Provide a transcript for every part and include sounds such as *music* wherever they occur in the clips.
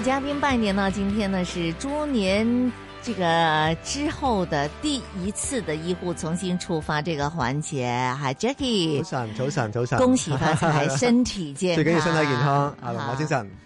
嘉賓拜年呢？今天呢是豬年這個之後的第一次的醫護從心出發這個環節，哈 Jackie 早晨，早晨，早晨，恭喜發財， *laughs* 身體健康，最緊要身體健康，阿龍 *laughs* 好，馬精神。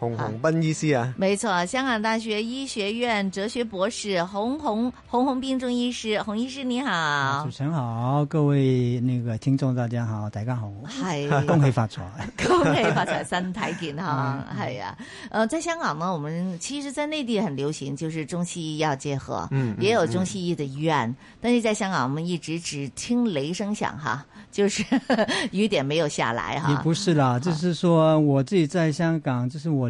洪洪鴻彬醫師啊，沒錯，香港大學醫學院哲學博士洪洪洪洪鴻彬中醫師，洪醫師你好，主持人好，各位那個聽眾大家好，大家好，係恭喜發財，恭喜發財，身體健康，係啊、 *laughs* 嗯哎，呃，在香港呢，我們其實在內地很流行，就是中西醫要結合，嗯，也有中西醫的醫院，嗯、但是在香港我們一直只聽雷聲響哈、嗯，就是 *laughs* 雨點沒有下來哈，也不是啦，就好是說我自己在香港，就是我。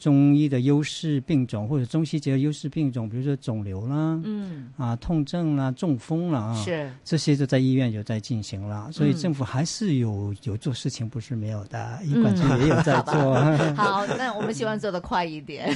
中醫的優勢病種，或者中西結合優勢病種，比如說腫瘤啦，嗯，啊，痛症啦，中風啦，啊是，這些就在醫院有在進行了。嗯、所以政府還是有有做事情，不是沒有的。醫管局也有在做、嗯 *laughs* 好。好，那我們希望做得快一點。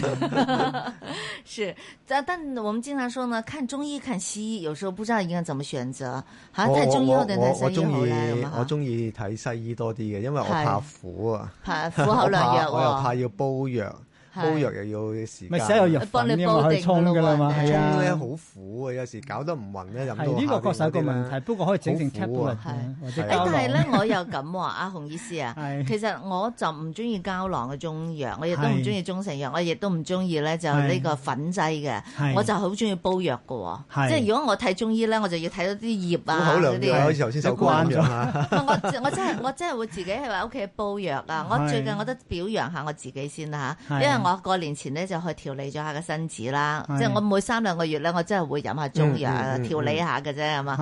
*laughs* *laughs* 是，但我們經常說呢，看中醫看西醫，有時候不知道應該怎麼選擇，好，睇中醫好，定睇西醫好啦。我中意睇西醫多啲嘅，因為我怕苦啊，怕苦口良藥，我又怕要煲藥。煲藥又要時間，唔係洗有藥粉應該可以沖噶啦嘛，沖咧好苦啊，有時搞得唔勻咧，飲到下。呢個確實個問題，不過可以整成 caps 嘅。係，但係咧我又咁喎，阿洪醫師啊，其實我就唔中意膠囊嘅中藥，我亦都唔中意中成藥，我亦都唔中意咧就呢個粉劑嘅，我就好中意煲藥嘅。即係如果我睇中醫咧，我就要睇到啲葉啊嗰啲。好口糧，我頭先就關咗。我我真係我真係會自己喺屋企煲藥啊！我最近我都表揚下我自己先啦嚇，因為。我過年前咧就去調理咗下個身子啦，的即係我每三兩個月咧，我真係會飲下中藥的調理一下嘅啫，係嘛？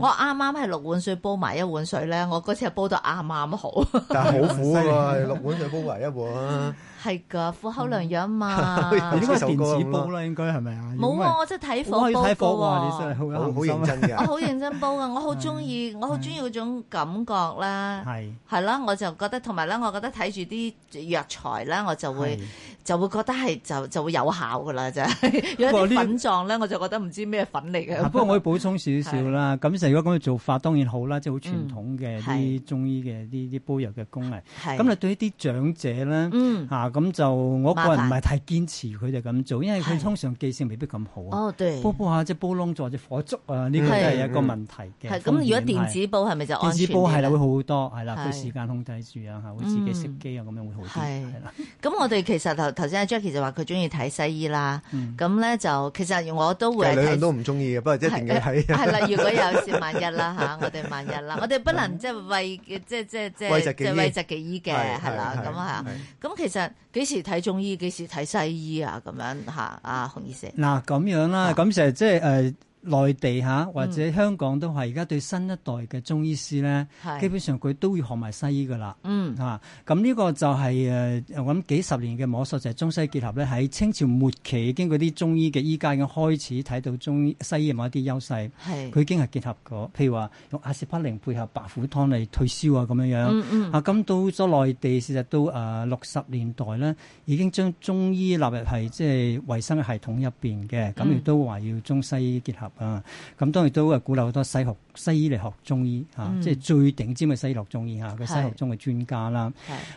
我啱啱係六碗水煲埋一碗水咧，我嗰次係煲到啱啱好。但係好苦啊， *laughs* 六碗水煲埋一碗。 *laughs* 係噶，苦口良藥啊嘛！應該係電子煲啦，應該係咪啊？冇喎，我真係睇火煲。可以睇火喎？你真係好有認真嘅。我好認真煲嘅，我好中意，我好中意嗰種感覺啦。係係啦，我就覺得同埋咧，我覺得睇住啲藥材咧，我就會就會覺得係就就會有效㗎啦，就係如果一啲粉狀咧，我就覺得唔知咩粉嚟嘅。不過我可以補充少少啦。咁就係，如果咁嘅做法當然好啦，即係好傳統嘅啲中醫嘅呢啲煲藥嘅工藝。係咁，你對一啲長者咧，嗯咁就我個人唔係太堅持佢哋咁做，因為佢通常記性未必咁好啊。哦，對。煲煲下即係煲燶咗或者火燭啊，呢個都係一個問題嘅。係咁，如果電子煲係咪就安全啲？電子煲係啦，會好好多，係啦，對時間控制住啊，會自己熄機啊，咁樣會好啲。係啦。咁我哋其實頭先阿 Jackie 就話佢中意睇西醫啦。咁咧就其實我都會係都唔中意嘅，不過即係平係啦，如果有時萬一啦嚇，我哋萬一啦，我哋不能即係為即係即係即係為疾嘅醫嘅係啦，咁嚇。咁其實。幾時睇中醫？幾時睇西醫啊？咁樣吓，啊，洪醫生。嗱，啊，咁樣啦，咁其實即係誒。內地嚇或者香港都係而家對新一代嘅中醫師咧，嗯、基本上佢都要學埋西醫㗎喇嚇。咁呢、嗯啊、個就係、是、誒我諗幾十年嘅摸索，就係、是、中西結合咧。喺清朝末期，經過啲中醫嘅醫家已經開始睇到中醫西醫某有冇一啲優勢，佢是已經係結合過。譬如話用阿士匹靈配合白虎湯嚟退燒樣、嗯嗯、啊，咁樣樣啊。咁到咗內地，事實到誒六十年代咧，已經將中醫納入係即係衞生嘅系統入邊嘅，咁亦、嗯、都話要中西醫結合。啊！咁當然都係鼓勵好多西學、西醫嚟學中醫嚇，啊嗯、即係最頂尖嘅西，西學中醫嚇，嘅西學中嘅專家啦。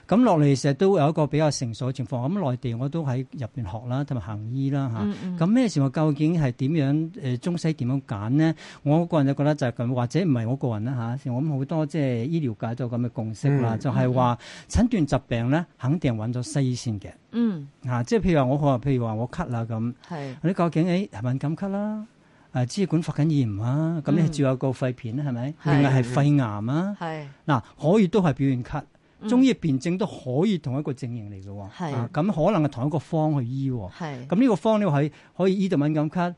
係咁落嚟，其實都有一個比較成熟嘅情況。咁內地我都喺入邊學啦，同埋行醫啦嚇。咁、啊、咩、嗯嗯、時候究竟係點樣？誒、呃、中西點樣揀咧？我個人就覺得就係咁，或者唔係我個人啦嚇、啊。我諗好多即係醫療界都有咁嘅共識啦，嗯、就係話、嗯嗯、診斷疾病咧，肯定揾咗西醫先嘅、嗯。嗯，嚇、啊，即係譬如話我話，譬如話我咳啦咁，係是你究竟誒係唔係敏感咳啦？誒，支管，啊、發緊炎啊，咁你係照有個肺片咧、啊，係咪？係咪係肺癌啊？係嗱是、啊，可以都係表現咳，嗯、中醫辨證都可以同一個證型嚟嘅。係咁是、啊、可能係同一個方去醫、啊。係咁呢個方呢，可以可以醫到敏感咳，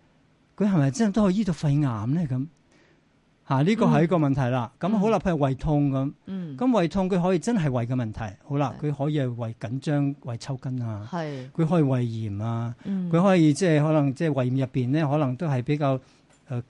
佢係咪真係都可以醫到肺癌咧？咁？嚇，呢個係一個問題啦。咁好啦，譬如胃痛咁，咁胃痛佢可以真係胃嘅問題。好啦，佢可以係胃緊張、胃抽筋啊。係佢可以胃炎啊，佢可以即係可能即係胃炎入邊咧，可能都係比較誒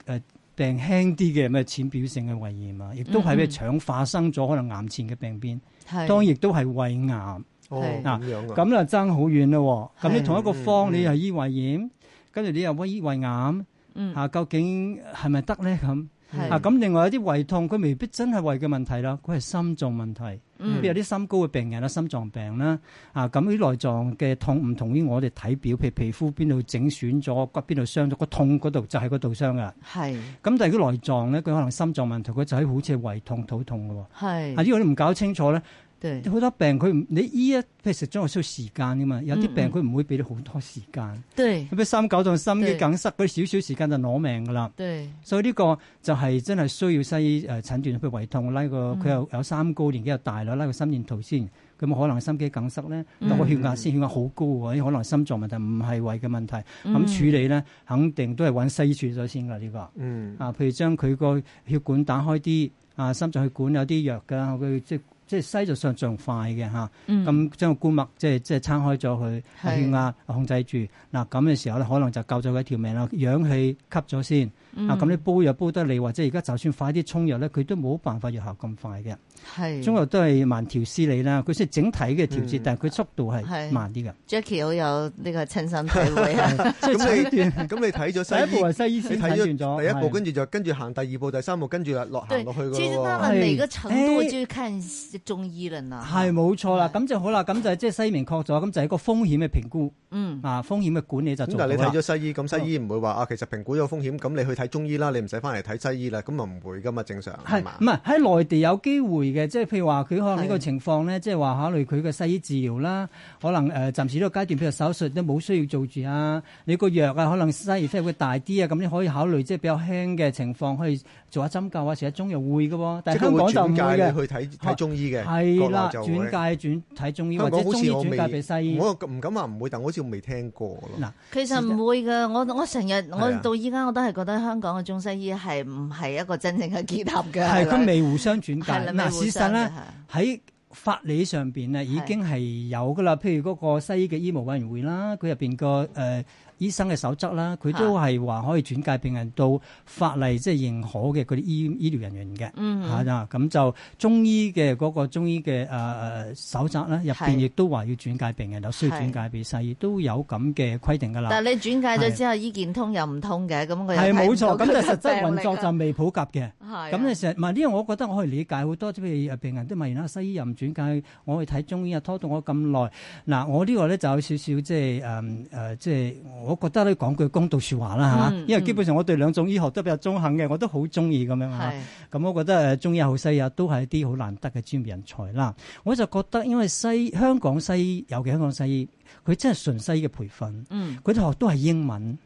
誒病輕啲嘅，咩淺表性嘅胃炎啊，亦都係咩腸化生咗可能癌前嘅病變。當然亦都係胃癌。哦，嗱咁啊爭好遠咯。咁你同一個方，你又醫胃炎，跟住你又威醫胃癌。嗯。嚇，究竟係咪得咧？咁？啊，咁、嗯、另外有啲胃痛，佢未必真係胃嘅問題啦，佢係心臟問題，咁有啲心高嘅病人啦，心臟病啦，啊，咁啲內臟嘅痛唔同於我哋體表，譬如皮膚邊度整損咗，骨邊度傷咗，個痛嗰度就係嗰度傷噶。係，咁但係如果內臟咧，佢可能心臟問題，佢就喺好似胃痛、肚痛噶。係，啊呢個你唔搞清楚咧。好對多病佢唔你醫一，譬如食中藥需要時間噶嘛。有啲病佢唔、嗯嗯、會俾你好多時間。譬對如三九度心肌梗塞嗰啲少少時間就攞命噶啦。對所以呢個就係真係需要西醫誒診斷，譬、呃、如胃痛拉個佢又有三高年紀又、嗯、大啦，拉個心電圖先，咁可能心肌梗塞咧，有個、嗯、血壓先血壓好高啊，因為可能心臟問題唔係胃嘅問題咁、嗯、處理咧，肯定都係揾西處咗先噶呢、這個、嗯、啊，譬如將佢個血管打開啲啊，心臟血管有啲藥噶，佢即。即係西就上上快嘅，咁將個肝脈即係即係撐開咗佢，血壓控制住。嗱咁嘅時候咧，可能就救咗佢一條命啦。氧氣吸咗先，嗯、啊咁你煲藥煲得嚟或者而家就算快啲沖藥咧，佢都冇辦法藥效咁快嘅。係，中國都係慢條斯理啦。佢先整體嘅調節，但係佢速度係慢啲噶。Jackie 好有呢個親身體會啊！咁你睇咗西第一步係西醫，你睇咗第一步，跟住就跟住行第二步、第三步，跟住落行落去喎。其實佢每個程度就看中醫啦，係冇錯啦。咁就好啦，咁就即係西明確咗，咁就係一個風險嘅評估，嗯啊，風險嘅管理就做。但係你睇咗西醫，咁西醫唔會話啊，其實評估咗風險，咁你去睇中醫啦，你唔使翻嚟睇西醫啦，咁啊唔會噶嘛，正常係嘛？唔係喺內地有機會。嘅，即係譬如話佢可能呢個情況咧，即係話考慮佢嘅西醫治療啦，可能誒暫時呢個階段，譬如手術都冇需要做住啊，你個藥啊可能西醫費會大啲啊，咁你可以考慮即係比較輕嘅情況去做下針灸啊，成日中藥會嘅喎。但係香港就唔會嘅，會轉介你去睇睇中醫嘅，係啦的，轉介轉睇中醫或者中醫轉介俾西醫。我唔敢話唔會，但係好似未聽過。嗱，其實唔會嘅的，我我成日我到依家我都係覺得香港嘅中西醫係唔係一個真正嘅結合嘅，係佢的未互相轉介。事實咧，喺法理上邊咧已經係有噶啦，譬如嗰個西醫嘅醫務委員會啦，佢入邊個誒。呃醫生嘅守則啦，佢都係話可以轉介病人到法例即係認可嘅嗰啲醫醫療人員嘅，嚇啦咁就中醫嘅嗰、嗰個中醫嘅誒守則啦，入邊亦都話要轉介病人，有需要轉介俾西醫都有咁嘅規定㗎啦。但係你轉介咗之後，醫健是通又唔通嘅，咁佢係冇錯，咁就實質運作就未普及嘅。係咁、嗯哼，你成日唔係？因為我覺得我可以理解好多，即譬如病人都問啦，西醫又唔轉介，我去睇中醫啊，拖到我咁耐。嗱，我呢個咧就有少少即係誒誒，即係我。嗯我覺得咧講句公道說話啦，嗯、因為基本上我對兩種醫學都比較中肯嘅，嗯、我都好中意咁樣吓。咁是、嗯、我覺得誒中醫又好西醫都係一啲好難得嘅專業人才啦。我就覺得因為西香港西醫，尤其香港西醫。佢真係純西嘅培訓，佢學都係英文，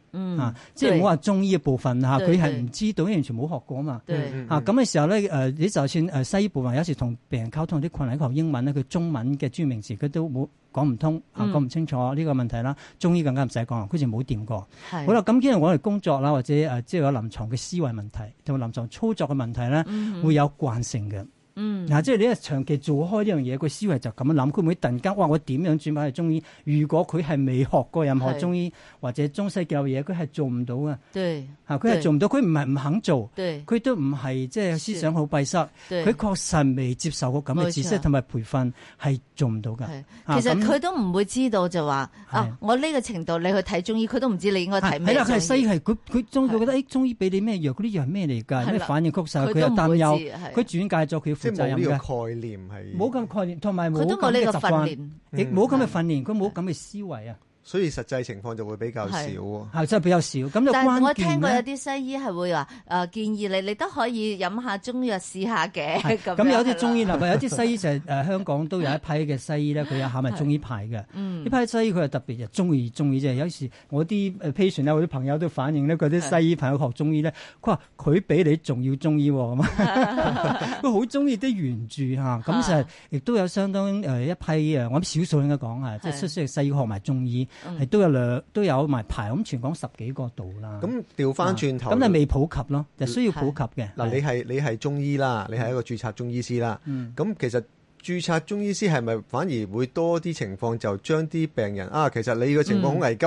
即係冇話中醫嘅部分，佢係唔知道，完全冇學過啊嘛。咁嘅時候咧，你就算西醫部分，有時同病人溝通啲困難，佢學英文咧，佢中文嘅專業名詞佢都冇講唔通，講唔清楚呢個問題啦。中醫更加唔使講啦，佢就冇掂過。好啦，咁既然我哋工作啦，或者即係有臨床嘅思維問題同埋臨床操作嘅問題咧，會有慣性嘅。嗯，嗱，即係你長期做開呢樣嘢，佢思維就咁樣諗，佢唔會突然間，哇！我點樣轉翻去中醫？如果佢係未學過任何中醫或者中西結合嘢，佢係做唔到嘅。對，佢係做唔到，佢唔係唔肯做，佢都唔係即係思想好閉塞，佢確實未接受過咁嘅知識同埋培訓係做唔到㗎。其實佢都唔會知道就話我呢個程度你去睇中醫，佢都唔知你應該睇咩。係佢係西醫係，佢佢中，佢覺得誒中醫俾你咩藥？嗰啲藥係咩嚟㗎？咩反應曲曬？佢又擔憂，佢轉介咗佢。即係冇呢個概念係冇咁概念，同埋冇咁嘅習慣，亦冇咁嘅訓練，佢冇咁嘅思維啊。所以實際情況就會比較少喎，哦，係真，就是比較少。咁但我聽過有啲西醫係會話，呃、建議你，你都可以飲下中藥試下嘅。咁是有啲中醫 *laughs* 有啲西醫就係、呃、香港都有一批嘅西醫咧，佢 *laughs* 有考埋中醫牌嘅。呢是批西醫佢係特別就中意中醫啫。有時我啲 patient 咧，我啲朋友都反映咧，佢啲西醫朋友學中醫咧，佢話佢比你仲要中醫喎，哦。咁佢好中意啲原著咁就係亦都有相當，呃、一批誒，我諗少數應該講啊，即係出色嘅西醫學埋中醫。係、嗯、都有兩都有埋排咁，全港十幾個度啦。咁調翻轉頭，咁你未普及咯，嗯、就需要普及嘅。嗱是是，你係你係中醫啦，你係一個註冊中醫師啦。嗯。咁其實。註冊中醫師係咪反而會多啲情況，就將啲病人啊，其實你個情況好危急，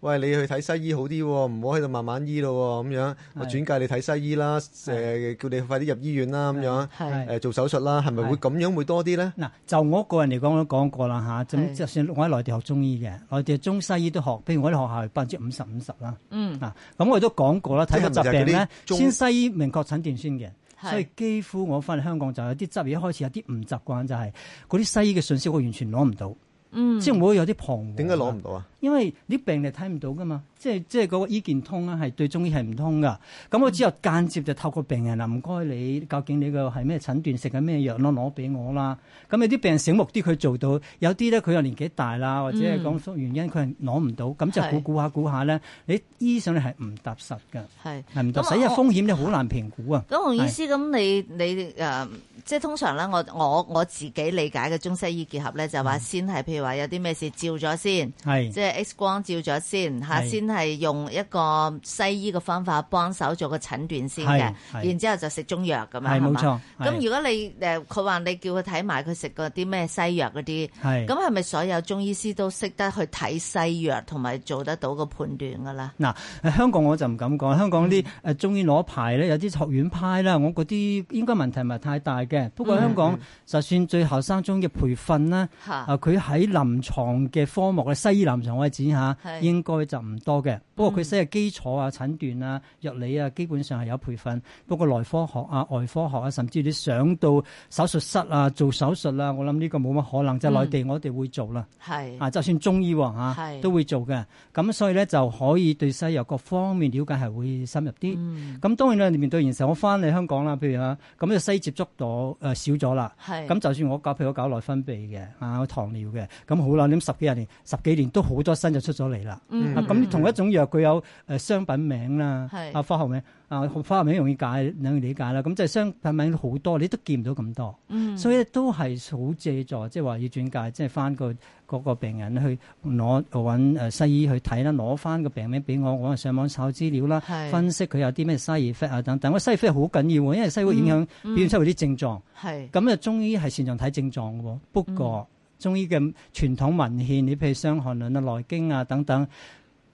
喂，你去睇西醫好啲，唔好喺度慢慢醫咯咁樣，我轉介你睇西醫啦，誒叫你快啲入醫院啦咁樣，誒做手術啦，係咪會咁樣會多啲咧？嗱，就我個人嚟講我都講過啦吓，咁就算我喺內地學中醫嘅，內地中西醫都學，譬如我哋學校係百分之五十五十啦，啊咁我都講過啦，睇下，疾病咧，先西醫明確診斷先嘅。所以幾乎我翻嚟香港就有啲執嘢，一開始有啲唔習慣，就係嗰啲西醫嘅信息我完全攞唔到，嗯，即係我有啲彷徨。點解攞唔到啊？因為啲病你睇唔到噶嘛，即係即係嗰個醫健通啊，係對中醫係唔通噶。咁我只有間接就透過病人啦，唔該你究竟你個係咩診斷，食緊咩藥囉攞俾我啦。咁有啲病人醒目啲佢做到，有啲咧佢又年紀大啦，或者係講原因佢係攞唔到，咁就估估下估下咧，你醫上咧係唔踏實噶。係係唔踏實，因為風險你好難評估啊。咁洪醫師，咁你你誒即係通常咧，我我我自己理解嘅中西醫結合咧就話先係譬如話有啲咩事照咗先，即係。X 光照咗先，吓是，先係用一個西醫嘅方法幫手做個診斷先嘅，然之後就食中藥咁樣，係嘛？咁如果你誒，佢話是你叫佢睇埋佢食過啲咩西藥嗰啲，係是，咁係咪所有中醫師都識得去睇西藥同埋做得到個判斷㗎啦？嗱、呃，香港我就唔敢講，香港啲誒中醫攞牌咧，有啲學院派啦，我嗰啲應該問題唔係太大嘅。不過香港就算最後生中醫嘅培訓啦，嚇、嗯嗯，佢喺臨床嘅科目嘅是西醫臨床。我指下應該就唔多嘅，嗯、不過佢西嘅基礎啊、診斷啊、藥理啊，基本上係有培訓。嗯、不過內科學啊、呃、外科學啊，甚至你上到手術室啊做手術啦，我諗呢個冇乜可能，即係、嗯、內地我哋會做啦。係是啊，就算中醫喎嚇、啊、是都會做嘅。咁所以咧就可以對西藥各方面了解係會深入啲。咁、嗯、當然啦，面對現實我翻嚟香港啦，譬如啊，咁就西接觸度、呃、少咗啦。咁是，就算我搞譬如我搞內分泌嘅啊，糖尿嘅，咁好啦。咁十幾廿年十幾年都好多。個身就出咗嚟啦。咁、嗯嗯啊、同一種藥佢有誒、呃、商品名啦，是啊化合名，啊化合名容易解，容易理解啦。咁即係商品名好多，你都見唔到咁多。嗯、所以都係好借助，即係話要轉介，即係翻個嗰個，個病人去攞揾誒西醫去睇啦，攞翻個病名俾我，我上網搜資料啦，是分析佢有啲咩 side effect 啊等等。但 side effect 好緊要，因為 side effect 影響表現出佢啲症狀。咁啊、嗯，嗯、就中醫係擅長睇症狀嘅喎，不過。嗯中醫嘅傳統文獻，你譬如《傷寒論》啊、《內經》啊等等，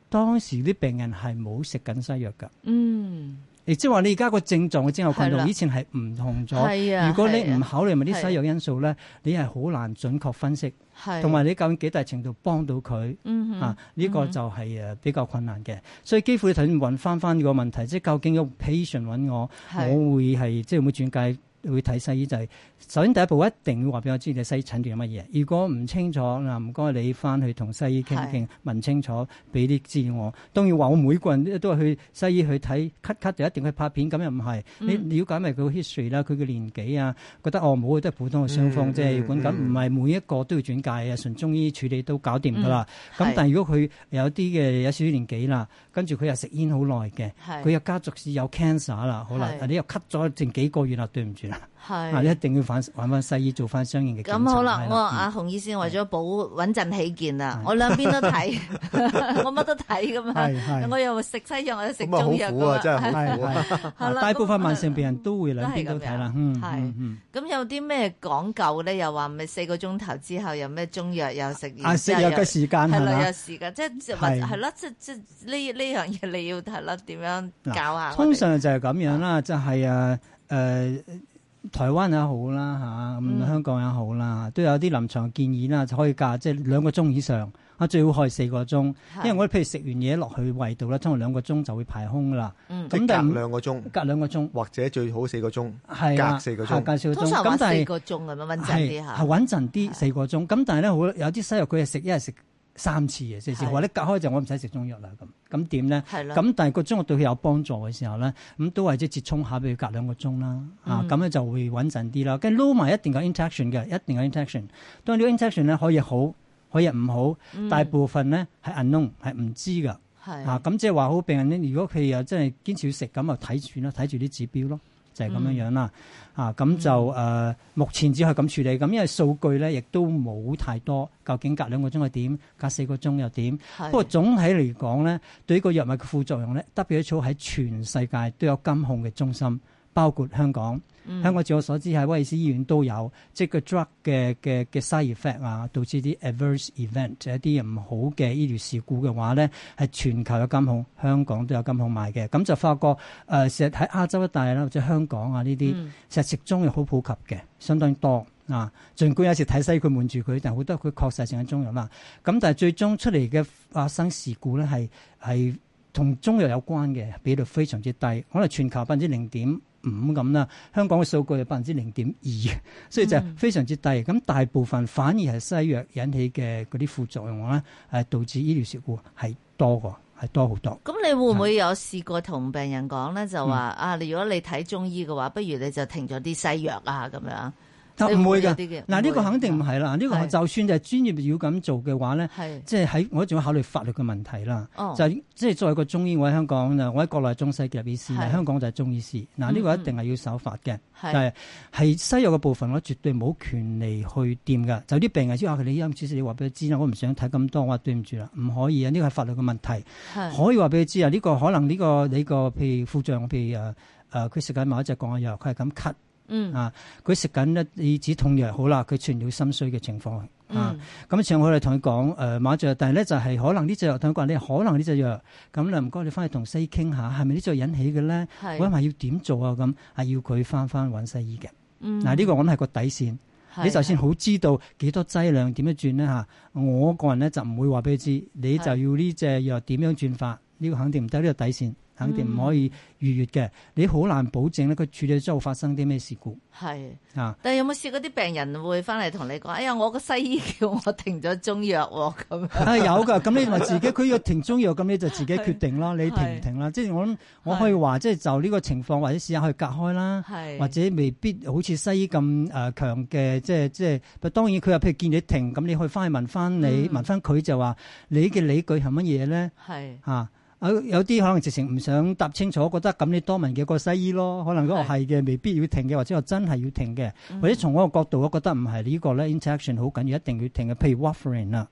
當時啲病人係冇食緊西藥㗎。嗯。亦即係話，你而家個症狀嘅症候羣同以前係唔同咗。係啊。如果你唔考慮埋啲西藥因素咧，你係好難準確分析，同埋的你究竟幾大程度幫到佢？嗯、哼啊，呢個就係誒比較困難嘅。嗯、哼所以幾乎你頭先揾翻翻個問題，即係究竟個 patient 揾我，的我會係即係會唔會轉介？會睇西醫就係、是、首先第一步一定要話俾我知你西醫診斷有乜嘢，如果唔清楚嗱，唔該你翻去同西醫傾一傾，問是清楚俾啲知我。當然話我每個人都係去西醫去睇咳咳就一定去拍片，咁又唔係，你了解埋個 history 啦，佢嘅年紀啊，覺得哦冇，都係普通嘅傷風啫，要管咁唔係每一個都要轉介啊，純中醫處理都搞掂㗎啦。咁、嗯、但係如果佢有啲嘅有少少年紀啦，跟住佢又食煙好耐嘅，佢又是家族史有 cancer 啦，好啦，是但你又咳咗剩幾個月啦，對唔住啦。係，一定要反翻西醫做翻相應嘅。咁好啦，我阿洪醫師為咗保穩陣起見啊，我兩邊都睇，我乜都睇噶嘛。我又食西藥，我又食中藥噶。真係好苦。係大部分慢性病人都會兩邊都睇啦。係。咁有啲咩講究咧？又話咪四個鐘頭之後有咩中藥又食？阿西藥嘅時間係嘛？有啦，時間即係係啦，即即呢呢樣嘢你要睇啦，點樣搞下？通常就係咁樣啦，就係啊誒。臺灣也好啦嚇，咁香港也好啦，嗯、都有啲臨床建議啦，就可以隔即係兩個鐘以上，啊最好可以四個鐘，因為我哋譬如食完嘢落去胃度啦，通常兩個鐘就會排空噶啦。嗯，隔兩個鐘，隔兩個鐘，或者最好四個鐘，係隔四個鐘，隔四個鐘。咁但係是四個鐘咁樣穩陣啲嚇，係穩陣啲四個鐘。咁但係咧好有啲西藥，佢係食一係食。三次嘅四次或者隔開就我唔使食中藥啦咁，咁點咧？咁的但係個中藥對佢有幫助嘅時候咧，咁都係即係折衷下，比如隔兩個鐘啦，嗯、啊咁咧就會穩陣啲啦。跟住撈埋一定有 interaction 嘅，一定有 interaction。當呢個 interaction 咧可以好，可以唔好，嗯、大部分咧係 unknown 係唔知噶。是啊咁即係話好病人咧，如果佢又真係堅持要食咁啊，睇住啦，睇住啲指標咯。就係咁樣、嗯啊、這樣啦，啊咁就誒，嗯、目前只係咁處理，咁因為數據咧亦都冇太多，究竟隔兩個鐘係點，隔四個鐘又點？是不過總體嚟講咧，對於個藥物嘅副作用咧，WHO 喺全世界都有監控嘅中心。包括香港，嗯、香港據我所知喺威爾斯醫院都有，即係個 drug 嘅嘅嘅 side effect 啊，導致啲 adverse event，即係一啲唔好嘅醫療事故嘅話咧，係全球有監控，香港都有監控賣嘅。咁就發覺誒，其實喺亞洲一帶啦，或者香港啊呢啲，其實食中藥好普及嘅，相當多啊。儘管有時睇西醫佢瞞住佢，但係好多佢確實係食緊中藥啦。咁但係最終出嚟嘅發生事故咧，係係同中藥有關嘅，比率非常之低，可能全球百分之零點五咁啦，香港嘅數據係百分之零點二，所以就非常之低。咁、嗯、大部分反而係西藥引起嘅嗰啲副作用咧，誒導致醫療事故係多㗎，係多好多。咁你會唔會有試過同病人講咧？就話、嗯、啊，如果你睇中醫嘅話，不如你就停咗啲西藥啊，咁樣。唔會嘅，嗱呢個肯定唔係啦。呢個就算就係專業要咁做嘅話咧，即係喺我仲要考慮法律嘅問題啦。是就即係作為個中醫，我喺香，是香港就我喺國內中西結合醫師，香港就係中醫師。嗱呢、嗯、個一定係要守法嘅，但係係是西藥嘅部分，我絕對冇權利去掂㗎。就啲病人先係佢你有唔主持，你話俾佢知啦。我唔想睇咁多，我話對唔住啦，唔可以啊。呢個係法律嘅問題，是可以話俾佢知啊。呢、呢個可能呢、呢個你個譬如副作用，譬如誒誒，佢食緊某一隻降壓藥，佢係咁咳。嗯啊，佢食緊一啲止痛藥，好啦，佢出現了心衰嘅情況啊。咁上、嗯嗯、我哋同佢講，誒、呃，馬俊，但係咧就係、是、可能呢隻藥，同佢講你可能呢隻藥，咁啊唔該你翻去同西醫傾下，係咪呢隻引起嘅咧？是我話要點做啊？咁啊要佢翻翻揾西醫嘅。嗱呢、嗯啊這個我諗係個底線，是你就算好知道幾多劑量點樣轉咧吓，我個人咧就唔會話俾佢知，你就要呢隻藥點樣轉法，呢是個肯定唔得呢個底線。肯定唔可以逾越嘅，你好難保證咧佢處理之後發生啲咩事故。係啊，但有冇試過啲病人會翻嚟同你講：哎呀，我個西醫叫我停咗中藥喎，咁有㗎。咁你話自己佢要停中藥，咁你就自己決定囉。你停唔停啦？即係我諗我可以話，即係就呢個情況，或者試下去隔開啦，或者未必好似西醫咁誒強嘅，即係即係。當然佢話譬如見你停，咁你可以翻去問翻你，問翻佢就話你嘅理據係乜嘢咧？係有啲可能直情唔想答清楚，我覺得咁你多問幾個西醫咯。可能嗰個係嘅，的未必要停嘅，或者我真係要停嘅，嗯、或者從嗰個角度，我覺得唔係呢個咧。Interaction 好緊要，一定要停嘅，譬如 warfarin 啦。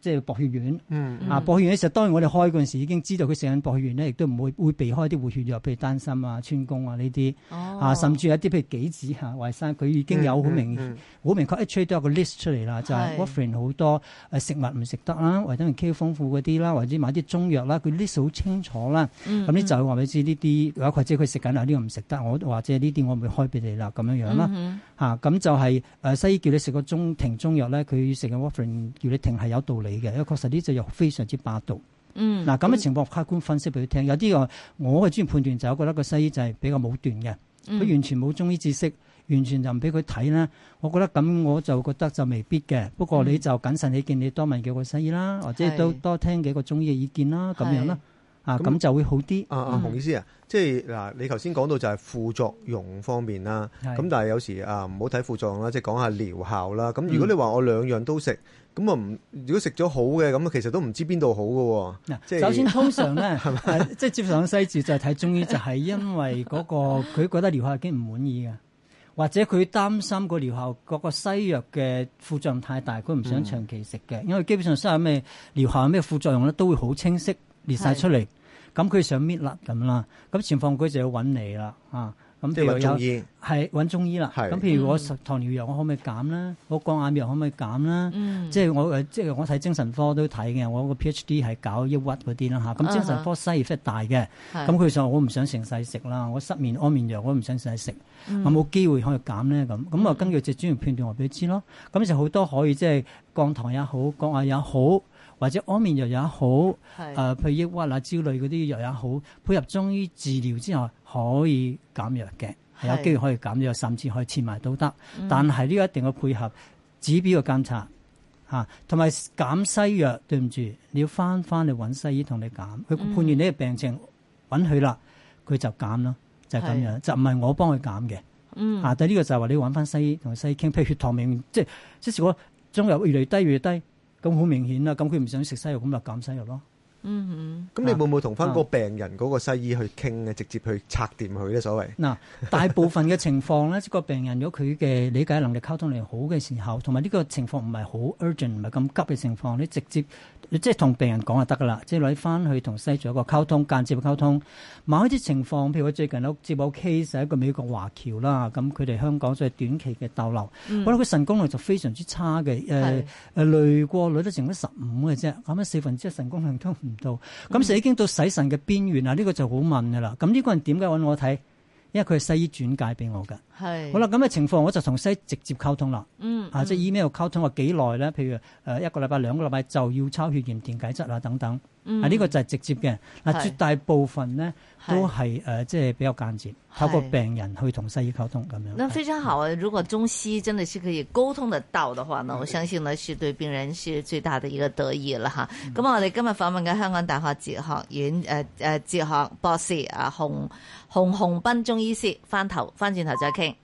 即係薄血丸，嗯啊，薄血丸其實當然我哋開嗰陣時已經知道佢食緊薄血丸咧，亦都唔會會避開啲活血藥，譬如丹蔘啊、川芎啊呢啲，啊甚至有啲譬如杞子嚇、淮山，佢已經有好明好明確，一都有個 list 出嚟啦，就係 warfarin 好多誒食物唔食得啦，或者係鈣豐富嗰啲啦，或者買啲中藥啦，佢 list 好清楚啦，嗯咁咧就話俾你知呢啲，或者佢食緊啊呢個唔食得，我或者呢啲我咪開俾你啦咁樣樣啦，嚇咁就係誒西醫叫你食個中停中藥咧，佢食緊 warfarin 叫你。情係有道理嘅，因為確實呢隻藥非常之霸道。嗯，嗱咁嘅情況，客觀、嗯、分析俾佢聽。有啲話我嘅專業判斷就係，我覺得個西醫就係比較武斷嘅，佢、嗯、完全冇中醫知識，完全就唔俾佢睇啦。我覺得咁我就覺得就未必嘅。不過你就謹慎起見你多問幾個西醫啦，或者都多聽幾個中醫嘅意見啦，咁樣啦。啊，咁、啊、就會好啲。啊、嗯、啊，洪醫師啊，即係嗱，你頭先講到就係副作用方面啦。咁是但係有時啊，唔好睇副作用啦，即係講下療效啦。咁如果你話我兩樣都食，咁啊唔，如果食咗好嘅，咁其實都唔知邊度好㗎喎。嗱吧、啊，即係首先通常咧，係咪即係接上西字就係睇中醫，就係因為嗰、那個佢 *laughs* 覺得療效係幾唔滿意嘅，或者佢擔心個療效嗰、那個西藥嘅副作用太大，佢唔想長期食嘅，嗯、因為基本上所有咩療效有咩副作用咧，都會好清晰。嗯列晒出嚟，咁佢的想搣甩咁啦，咁情況佢就要搵你啦，啊，咁譬如就係搵中醫啦，咁的譬如我糖尿藥我可唔可以減咧？的我降眼藥可唔可以減咧的、嗯？即係我誒，即係我睇精神科都睇嘅，我個 PhD 係搞抑鬱嗰啲啦嚇，咁精神科細即係大嘅，咁佢就我唔想成世食啦，的我失眠安眠藥我唔想成世食，的我冇機會可以減咧咁，咁啊根據隻專業判斷話俾你知咯，咁就好多可以即係降糖也好，降眼也好。或者安眠藥也好，誒是，譬、呃、如抑鬱啊、焦慮嗰啲藥也好，配合中醫治療之後，可以減藥嘅，係是有機會可以減藥，甚至可以切埋都得。嗯、但係呢個一定要配合指標嘅監察吓，同、啊、埋減西藥，對唔住，你要翻翻嚟揾西醫同你減。佢判完你嘅病情允許啦，佢、嗯、就減咯，就咁、是、樣，是就唔係我幫佢減嘅。嗯，啊，但係呢個就係話你要揾翻西醫同西醫傾，譬如血糖明明即係，即使我中藥越嚟越低越嚟越低。越來越低。咁好明顯啦，咁佢唔想食西藥，咁咪減西藥咯。嗯嗯，咁你會唔會同翻個病人嗰個西醫去傾嘅，嗯、直接去拆掂佢咧？所謂嗱，大部分嘅情況咧，個 *laughs* 病人如果佢嘅理解能力、溝通能力好嘅時候，同埋呢個情況唔係好 urgent，唔係咁急嘅情況，你直接你即係同病人講就得㗎啦。即係揾翻去同西醫做一個溝通，間接嘅溝通。某啲情況，譬如我最近接部 case 係一個美國華僑啦，咁佢哋香港再短期嘅逗留，可能佢腎功能就非常之差嘅，誒誒是，濾、呃、過率都剩翻十五嘅啫，咁樣四分之一腎功能都唔～到咁就已經到洗腎嘅邊緣啦，呢、這個就好問噶啦。咁呢個人點解揾我睇？因為佢係西醫轉介俾我噶。係是好啦，咁嘅情況我就同西醫直接溝通啦、嗯。嗯，啊，即係 email 溝通話幾耐咧？譬如誒一個禮拜、兩個禮拜就要抽血驗電解質啦等等。嗯、啊！呢、這個就係直接嘅，嗱、啊、是絕大部分咧都係誒，即係是、呃就是、比較間接，是透過病人去同西醫溝通咁樣。那非常好啊！哎、如果中西真的是可以溝通得到嘅話，呢的我相信呢係對病人係最大嘅一個得益啦嚇。咁我哋今日訪問嘅香港大學哲學院誒誒、呃、哲學博士啊，洪洪鴻彬中醫師，翻頭翻轉頭再傾。